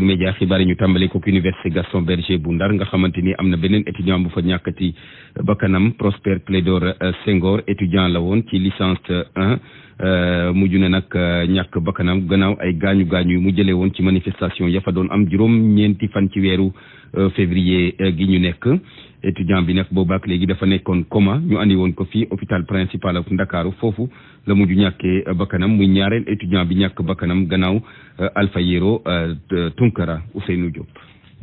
Futurs Médias xibaar yi ñu tàmbali ko université Gaston Berger bu Ndar nga xamante ni am na beneen étudiant bu fa ñàkkati bakkanam Prosper Clédor euh, Senghor étudiant la woon ci licence 1 Euh, mujj ne nag euh, ñàkk bakkanam gannaaw ay gaañu gaañu yu mu jëlee woon ci manifestation ya doon am juróom-ñeenti fan ci weeru euh, février gi ñu nekk étudiant bi nag boobaak léegi dafa nekkoon coma ñu andi woon ko fii hôpital principal ak Ndakaaru foofu la mujj ñàkkee bakkanam muy ñaareel étudiant bi ñàkk bakkanam gannaaw alfa Yero Tunkara Ousseynou Diop.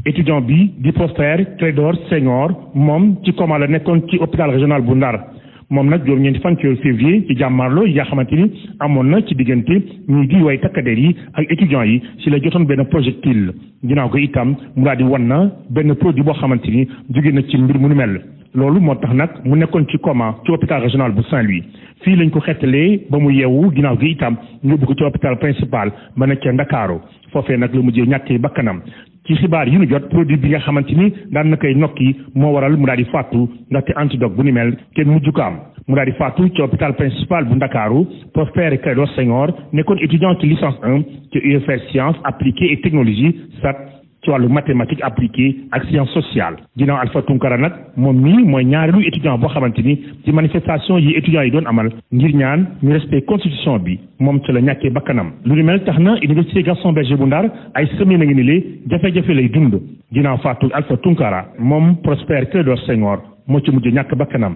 étudiant bi di professeur Clédor Senghor moom ci coma la nekkoon ci hôpital régional bu Ndar. moom nag juróom-ñeenti fan ci février ci jàmmaarloo yi nga xamante ni amoon na ci diggante ñuy di way takkadeer yi ak étudiants yi si la jotoon benn projectile ginnaaw ko itam mu daal di wan na benn produit boo xamante ni jóge na ci mbir mu nu mel loolu moo tax nag mu nekkoon ci coma ci hôpital régional bu Saint-Louis fii lañ ko xettalee ba mu yeewu ginnaaw gi itam ñu yóbbu ko ci hôpital principal ba nekk ca Ndakaaru foofee nag la mujjee ñàkkee bakkanam ci xibaar yi ñu jot produit bi nga xamante ni daan na koy nokki moo waral mu daal di fàttu ndaxte antidote bu ni mel kenn mujj ko am mu daal di fàttu ci hôpital principal bu Ndakaaru Prospère Clédor Senghor nekkoon étudiant ci licence 1 ci UFR sciences appliquées et technologies SAT ci wàllu mathématique appliquée ak science sociale ginnaaw Alpha Tunkara nag moom mii mooy ñaareelu étudiant boo xamante ni ci manifestation yi étudiants yi doon amal ngir ñaan ñu respect constitution bi moom ci la ñàkkee bakkanam lu ni mel tax na université Gaston Berger bu Ndar ay semaine a ngi ni lee jafe-jafe lay dund ginnaaw faatu Alpha Tunkara moom Prosper Clédor Senghor moo ci mujj ñàkk bakkanam